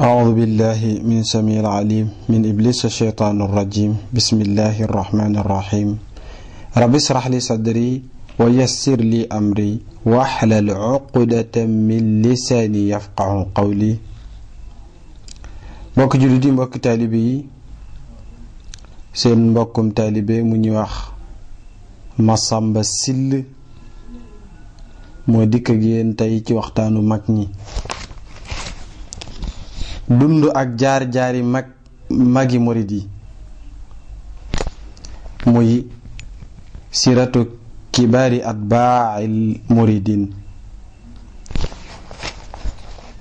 أعوذ بالله من سميع العليم من إبليس الشيطان الرجيم بسم الله الرحمن الرحيم رب اشرح لي صدري ويسر لي أمري واحلل عقدة من لساني يفقه قولي بوك جلدي بوك تالبي سين yi تالبي من يوخ mu ñuy wax Masamba Sill moo تايتي ak مكني dund ak jaar-jaari mag magi murid yi muy siratu kibaari atbaa'il muridin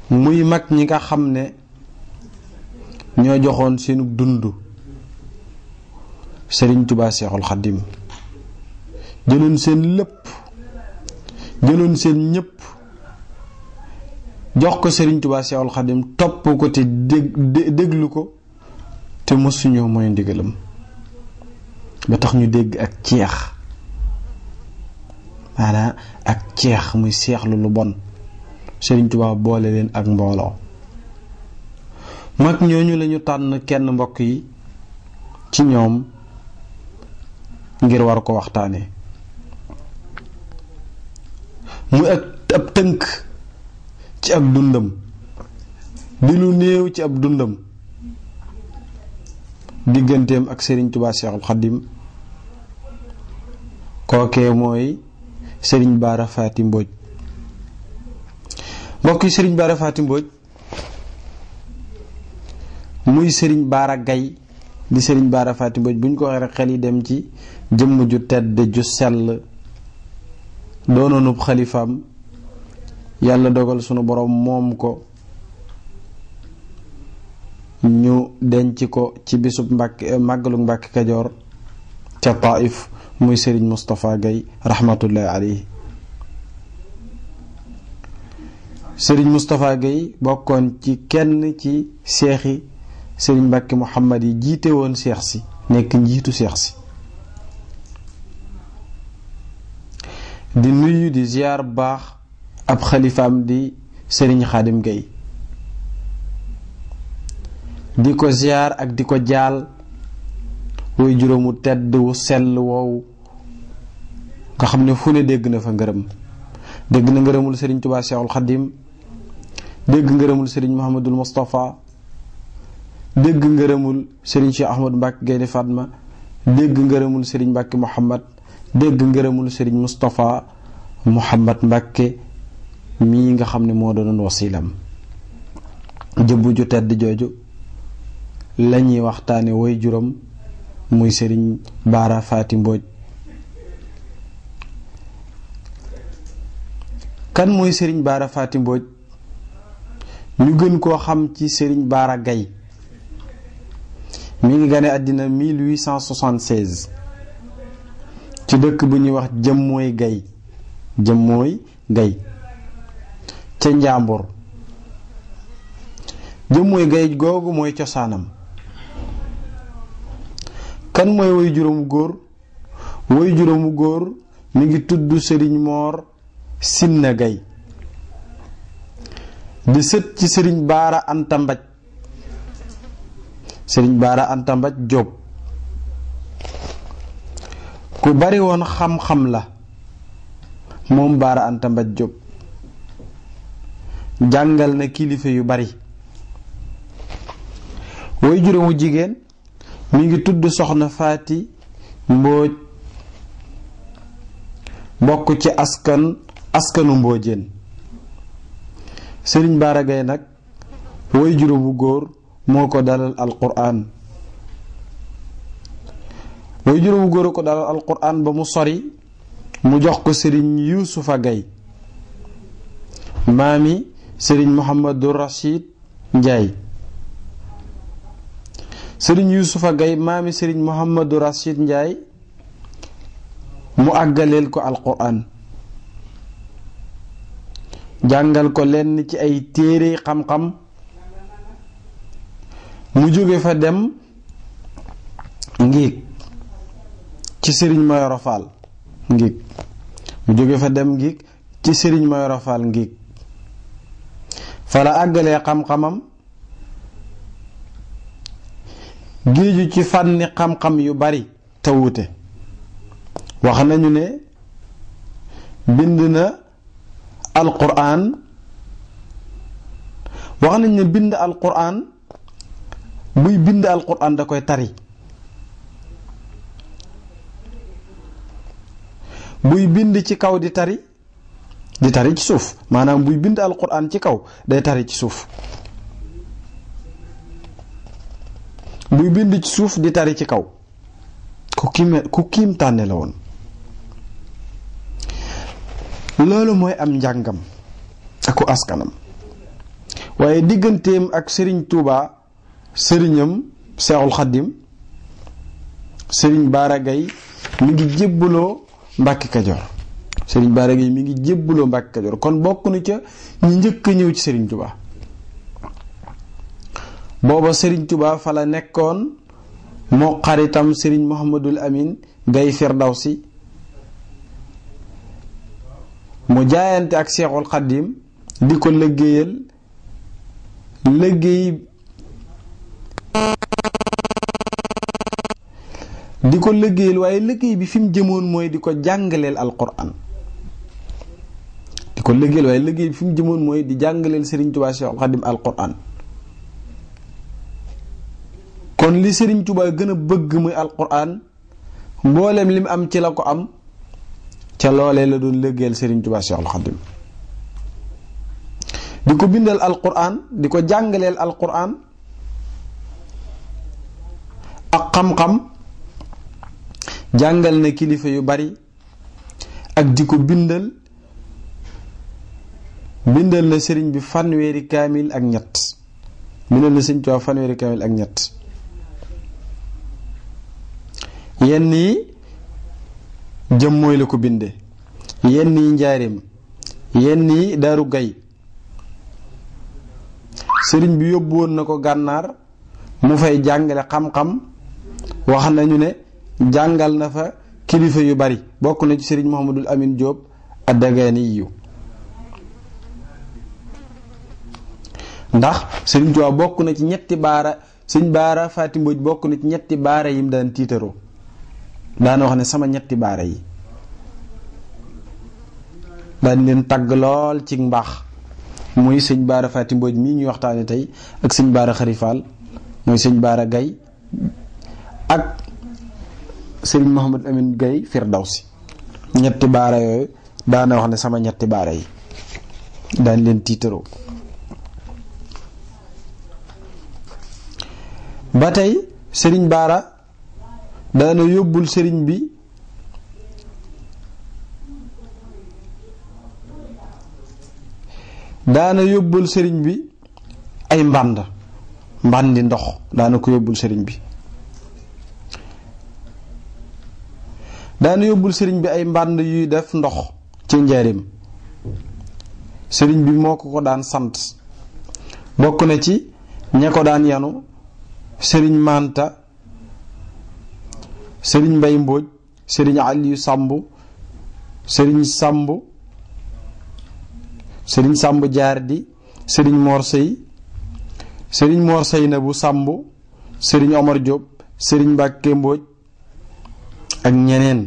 muy mag ñi nga xam ne ñoo joxoon seenu dund Sëriñ Tuubaa Seexul Xaddim jëloon seen lépp jëloon seen ñëpp jox ko Serigne Touba Seexul Xadim topp ko te dég déglu ko te mosuñoo mooy ndigalam ba tax ñu dégg ak ceex maanaam ak ceex muy seexlu lu bon Serigne Touba boole leen ak mbooloo mag ñooñu lañu tànn kenn mbokk yi ci ñoom ngir waru ko waxtaane mu ak ab tënk ci ab dundam di lu néew ci ab dundam digganteem ak sëriñ tubaa xaddim kookee mooy sëriñ baara faati mbooj muy sëriñ baara gay di sëriñ baara faati mbooj bu ñu ko waxee xel yi dem ci jëmm ju tedd ju sell doonoonub xalifaam yàlla dogal sunu boroom moom ko ñu denc ko ci bisub mbàkk màggalu mbàkk kajoor ca Taif muy sëriñ Moustapha Gaye rahmatullahi alayhi sëriñ Moustapha Gaye bokkoon ci kenn ci seexi sëriñ Mbàkke Muhammad yi jiite woon seex si nekk njiitu seex si di nuyu di ziar baax ab xalifaam di sëriñ xaadim gay di ko ziyaar ak di ko jaal woy juróomu tedd wu sell woowu nga xam ne fu ne dégg na fa ngërëm dégg na ngërëmul sëriñ tubaa seexul xadim dégg ngërëmul sëriñ muhammadul mustafa dégg ngërëmul sëriñ Cheikh Ahmad Mbàkke Gaynde Fatma dégg ngërëmul sëriñ Mbàkke Muhammad dégg ngërëmul mii nga xam ne moo doonoon wasiilam jëmm ju tedd jooju la ñuy waxtaane woy juróom muy sëriñ Baara Faati Mbooj kan mooy sëriñ Baara Faati Mbooj ñu gën koo xam ci sëriñ Baara Gay mi ngi gane àddina 1876 ci dëkk bu ñuy wax jëmmooy gay jëmmooy gay ca njàmbur jëmmuy gay googu mooy cosaanam kan mooy woy juróomu góor woy juróomu góor mi ngi tudd sëriñ moor simna gay di sët ci sëriñ baara anta mbaj sëriñ baara anta jóob ku bari woon xam-xam la moom baara anta mbaj jóob jàngal na kilifa yu bari way juróomu jigéen mu ngi tudd soxna faati mbooj bokk ci askan askanu mboojeen sëriñ baara gay nag way juróomu góor moo ko dalal alquraan way juróomu góor ko dalal alquraan ba mu sori mu jox ko sëriñ yuusufa gay maami Serigne Mouhamadou Rachid njay Serigne Youssoufa gay maami Serigne Mouhamadou Rachid njay mu agalel ko alquran jangal ko len ci ay téré xam-xam mu jóge fa dem ngiig ci Serigne Mayoro Fall ngiig mu jóge fa dem ngiig ci Serigne Mayoro Fall fa la àggalee xam-xamam géeju ci fànni xam-xam yu bari tawute wuute wax nañu ne bind na alquran wax nañ ne bind alquran buy bind alquran da koy tari buy bind ci kaw di tari di tari ci suuf maanaam buy bind alquran ci kaw day tari ci suuf buy bind ci suuf di tari ci kaw ku kiim ku kiim tànne la woon loolu mooy am njàngam aku askanam waaye digganteem ak sëriñ tuubaa sëriñam Seexul Xaddim sëriñ Baara Gay mi ngi jébbaloo Mbàkke Kajoor Serigne Bara Gaye mi ngi jébbaloo Mbàkke Kajoor kon bokk na ca ñu njëkk a ñëw ci sëriñ Touba booba Serigne Touba fa la nekkoon moo xaritam Serigne Mouhamadul Amin Gaye Firdawsi mu jaayante ak Seexul Xaddim di ko liggéeyal liggéey ko liggéeyal waaye liggéey bi fi mu jëmoon mooy di ko jàngaleel Alquraan ko liggéeyal waaye liggéey fi mu jëmoon mooy di jàngaleel Serigne Touba Cheikh Khadim alquran kon li sëriñ Touba gën a bëgg muy alquran mbooleem li mu am ci la ko am ca loole la doon liggéeyal Serigne Touba Cheikh Khadim di ko bindal alquran di ko jàngaleel alquran ak xam-xam jàngal na kilifa yu bari ak di ko bindal. bindal na sëriñ bi fanweeri kaamil ak ñett bindal na sëriñ Tuubaa fanweeri kaamil ak ñett yenn yi jëm mooy la ko binde yenn yi njaareem yenn yi daaru gay sëriñ bi yóbbu woon na ko gànnaar mu fay jàngale xam-xam wax nañu ne jàngal na fa kilifa yu bari bokk na ci sëriñ Mouhamadul Amin Diop ad-Dagani ndax sëñ Tuubaa bokk na ci ñetti baara sëñ baara Fatim Mbodj bokk na ci ñetti baara yim daan tiitaroo daana wax ne sama ñetti baara yi daan leen tagg lool ci mbaax muy sëñ baara Fatim Mbodj ñuy waxtaane tey ak sëñ baara xarifaal muy sëñ baara gay ak sëriñ Mohammed Gay Firdawsi ñetti baara yooyu wax ne sama ñetti baara yi daan leen tiitaroo ba tey sëriñ baara daana yóbbul sëriñ bi daana yóbbul sëriñ bi ay mbànd mbàndi ndox daana ko yóbbul sëriñ bi daana yóbbul sëriñ bi ay mbànd yuy def ndox ci njaarim sëriñ bi moo ko daan sant bokk na ci ña ko daan yanu sëriñ Manta sëriñ Mbay Mbóoj sëriñ Aliyu Sàmb sëriñ Sàmb sëriñ Sàmb Jaardi sëriñ Mor sëriñ Mor bu samb sëriñ Omar sëriñ Mbàkke Mbóoj ak ñeneen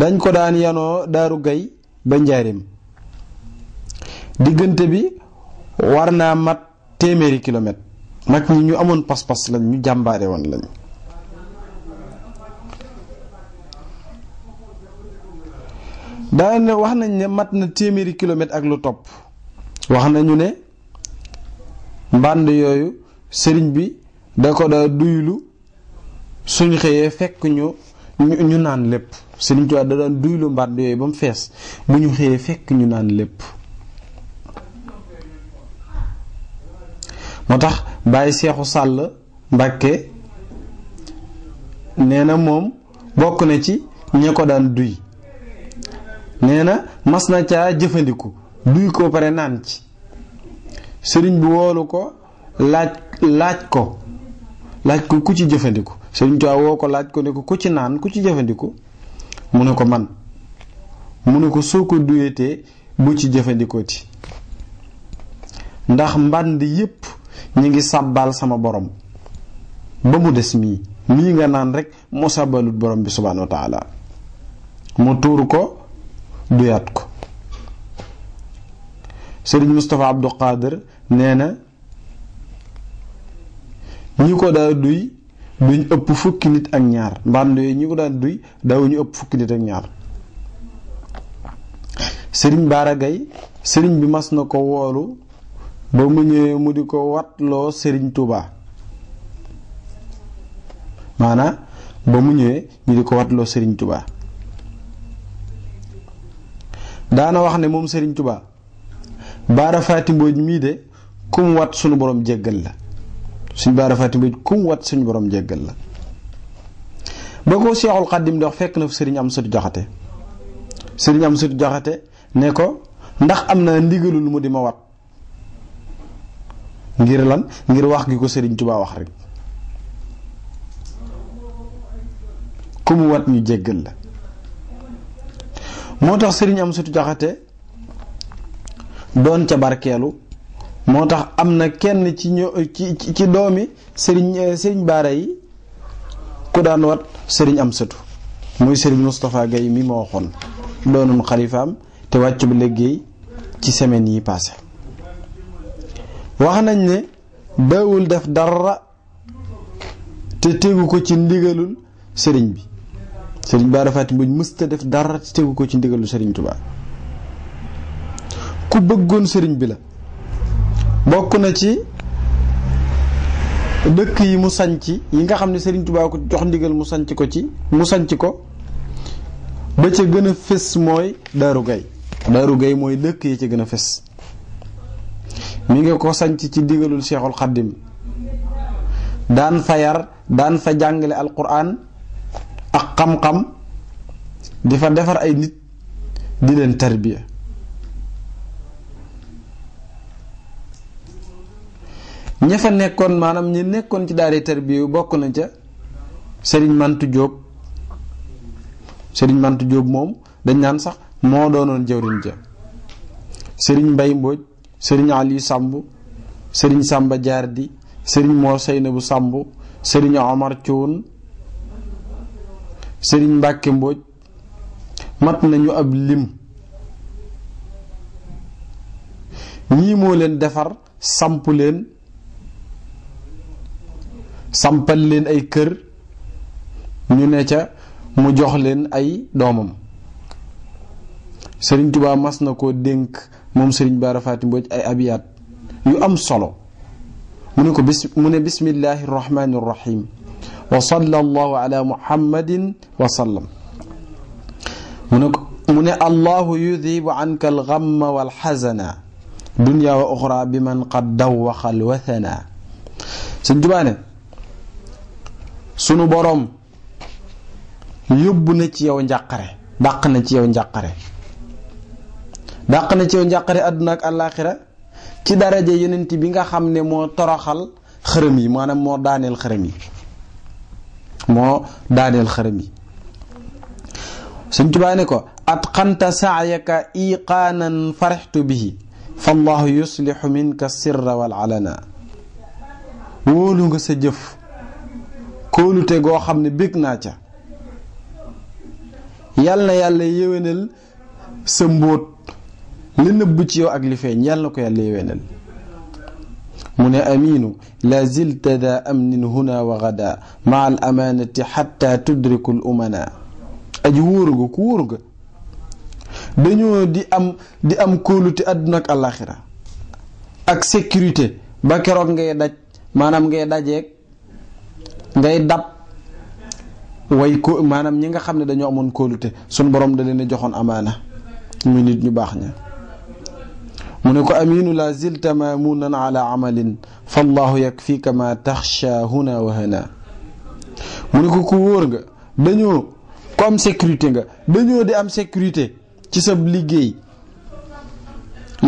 dañ ko daan yenoo Daaru Gay ba Njaarim diggante bi war naa mat téeméeri kilomètre mag ñi ñu amoon pas-pas lañ ñu jàmbaare woon lañ daana wax nañ ne mat na téeméeri kilomètre ak lu topp wax nañu ne mbànd yooyu sëriñ bi da ko daa duylu suñ xëyee fekk ñu ñu naan lépp sëriñ Tuubaa da daan duylu mbànd yooyu ba mu fees bu ñu xëyee fekk ñu naan lépp moo tax bàyyi seexu sàll mbàkke nee na moom bokk na ci ña ko daan duy nee na mas na caa jëfandiku duy koo pare naan ci sëriñ bi woolu ko laaj laaj ko laaj ko ku ci jëfandiku sëriñ Tuubaa woo ko laaj ko ne ko ku ci naan ku ci jëfandiku mu ne ko man mu ne ko soo ko duyetee bu ci jëfandikooti ndax mbànd yépp ñi ngi sàbbaal sama borom ba mu des mii mii nga naan rekk moo sàbbaalut borom bi subhaanahu wa mu tuur ko duyaat ko sëriñ Moustapha Abdou Khader nee na ñi ko daa duy duñ ëpp fukki nit ak ñaar mbànd yooyu ñi ko daan duy daawuñu ëpp fukki nit ak ñaar sëriñ Baara Gaye sëriñ bi mas na ko woolu ba mu ñëwé mu di ko watloo sëriñ touba mana ba mu ñëwé ñu di ko sëriñ touba daana wax ne mom sëriñ touba baara mi de kum wat suñu borom jéggal la suñu baara faati kum wat suñu borom jéggal la ba ko cheikhul qadim dox fekk na sëriñ am sut joxate sëriñ am sut joxate ne ko ndax am ndigalul mu di ma wat ngir lan ngir wax gi ko Sëriñ Tubaa wax rek ku mu wat ñu jéggal la moo tax Sëriñ sëtu Jaxate doon ca barkeelu moo tax am na kenn ci ñoo ci ci doomi Sëriñ eh, Sëriñ Baara yi ku daan wat Sëriñ sëtu mooy Sëriñ Moustapha Gaye mi moo waxoon doonoon xalifaam te wàccu bu liggéey ci semaine yi passé wax nañ ne daawul def dara te tegu ko ci ndigalul sëriñ bi sëriñ Bara Faty Mbodj mësta def dara te tegu ko ci ndigalul sëriñ Tuubaa ku bëggoon sëriñ bi la bokk na ci dëkk yi mu sañc yi nga xam ne sëriñ Tuubaa ko jox ndigal mu sanc ko ci mu sanc ko ba ca gën a fés mooy Daaru Gay Daaru Gay mooy dëkk yi ca gën a fés mi ngi ko sanc ci digelul cheikhul khadim dan fayar dan fa jangale alquran ak xam-xam di fa defar ay nit di len tarbiya ña fa manam maanaam ñi nekkon ci daari tarbiya bokku na ca serigne mantu job serigne mantu job mom dañ nan sax mo doonon jeewriñ ja serigne mbay sëriñ Aliou Samb sëriñ Samba di sëriñ Mor bu Samb sëriñ Omar Thion sëriñ Mbacke Mbodj mat nañu ab lim ñii moo leen defar samp leen sampal leen ay kër ñu ne ca mu jox leen ay doomam sëriñ Tuubaa mas na koo dénk moom Serigne Bara Faty Mbodj ay abiyaat yu am solo mu ne ko bis mu ne bismillahi rahmani rahim wa sallallahu ala muhammadin wa sallam mu ne ko mu ne allahu yudibu anka alxamma walxasana dunya wa oxra bi man qad dawaxa alwathana Sëñ Tuubaa ne sunu boroom yóbbu na ci yow njàqare dàq na ci yow njàqare dàq na ci yow njàqare àdduna ak àllaaxira ci daraja yonent bi nga xam ne moo toroxal xërëm yi maanaam moo daaneel xërëm yi moo daaneel xërëm yi suñ tubaa ne ko atqanta saayaka iqaanan farixtu bihi fallahu yuslixu minka sirra wal alana wóolu nga sa jëf kóolute goo xam ne bég naa ca yàlla yàlla yéwénal sa mbóot li nëbb ci yow ak li feeñ yàlla na ko yàlla yeweenal mu ne amiinu la zilta daa amnin huna wa gada maa al amaanati xatta tudrikul umana aji wóoru nga ku wóoru nga dañoo di am di am kóolute àdduna ak àllaaxira ak sécurité ba keroog ngay daj maanaam ngay dajeeg ngay dab way ko maanaam ñi nga xam ne dañoo amoon kóolute suñ borom da leen a joxoon amaana muy nit ñu baax ña منك أمين لا زلت مامونا على عمل فالله يكفيك ما تخشى هنا وهنا منك كورغ دنيو كم سيكريتي دنيو دي أم سيكريتي تسب لغي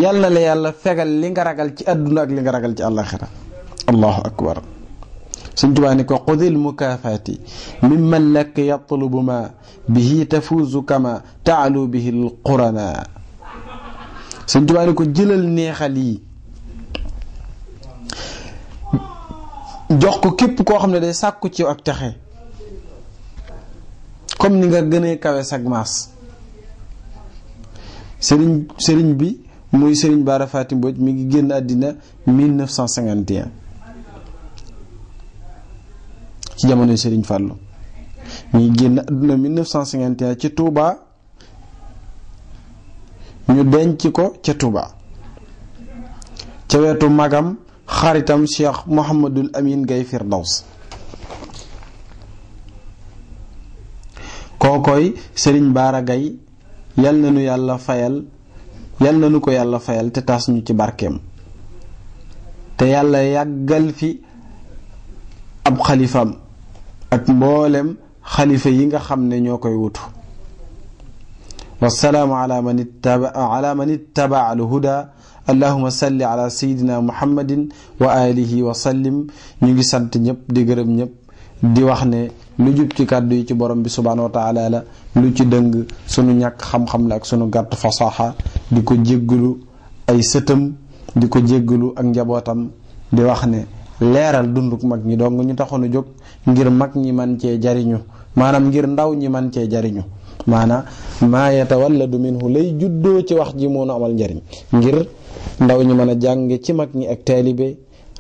يالنا ليالا فغل لنغ رغل تي أدنا لنغ الله خير الله أكبر سنتو خذ المكافات ممن لك يطلب ما به تفوز كما تعلو به القرناء sëñ Tuubaa ko jëlal neexal yi jox ko képp koo xam ne day sàkku ci ak texe comme ni nga gënee kawe sag maas sëriñ sëriñ bi muy sëriñ Bara Faty Mbodj mi ngi génn àddina 1951 ci jamonoy sëriñ Fàllu mu ngi génn àddina 1951 ci Touba. ñu denc ko ca Tuba ca wetu magam xaritam Cheikh Mouhamadul Amin gay Firdaws kookoy Serigne Bara Gaye yal na nu yàlla yal na ko yàlla fayal te taas ñu ci barkeem te yàlla yàggal fi ab xalifaam ak mboolem xalifa yi nga xam ne ñoo koy wutu والسلام على من اتبع على من اتبع الهدى allahuma salli ala sayidina muhammadin wa alihi wa sallim ñu ngi sant ñëpp di gërëm ñëpp di wax ne lu jub ci kàddu yi ci borom bi subhanahu wa taala la lu ci dëng sunu ñàkk xam-xam la ak sunu gàtt fasaxa di ko jéggalu ay sëtam di ko jéggalu ak njabootam di wax ne leeral dunduk mag ñi dong ñu taxoon nu jóg ngir mag ñi man cee jariñu maanaam ngir ndaw ñi man cee jariñu maana maa yatawalladu minhu lay juddoo ci wax ji moo nu amal njariñ ngir ndaw ñu mën a jàng ci mag ñi ak taalibe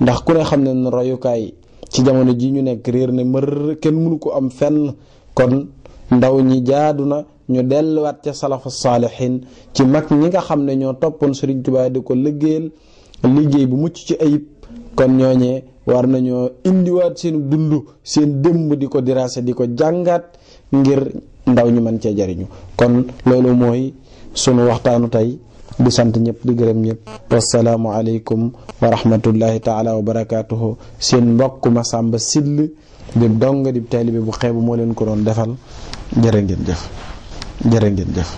ndax ku ne xam ne ne royukaay ci jamono ji ñu nekk réer ne mër kenn mënu ko am fenn kon ndaw ñi jaaduna na ñu delluwaat ca salafu salihin ci mag ñi nga xam ne ñoo toppoon Sëriñ di ko liggéeyal liggéey bu mucc ci ayib kon ñooñee war nañoo indiwaat seen dund seen démb di ko diraase di ko jàngaat ngir ndaw ñi mën cee jariñu kon loolu mooy sunu waxtaanu tey di sant ñëpp di gërëm ñëpp wasalaamu aleykum wa rahmatullahi taala wa barakaatuhu seen mbokk Masamba Syll di dong di taalibe bu xeebu moo leen ko doon defal jërë ngeen jëf jërë ngeen jëf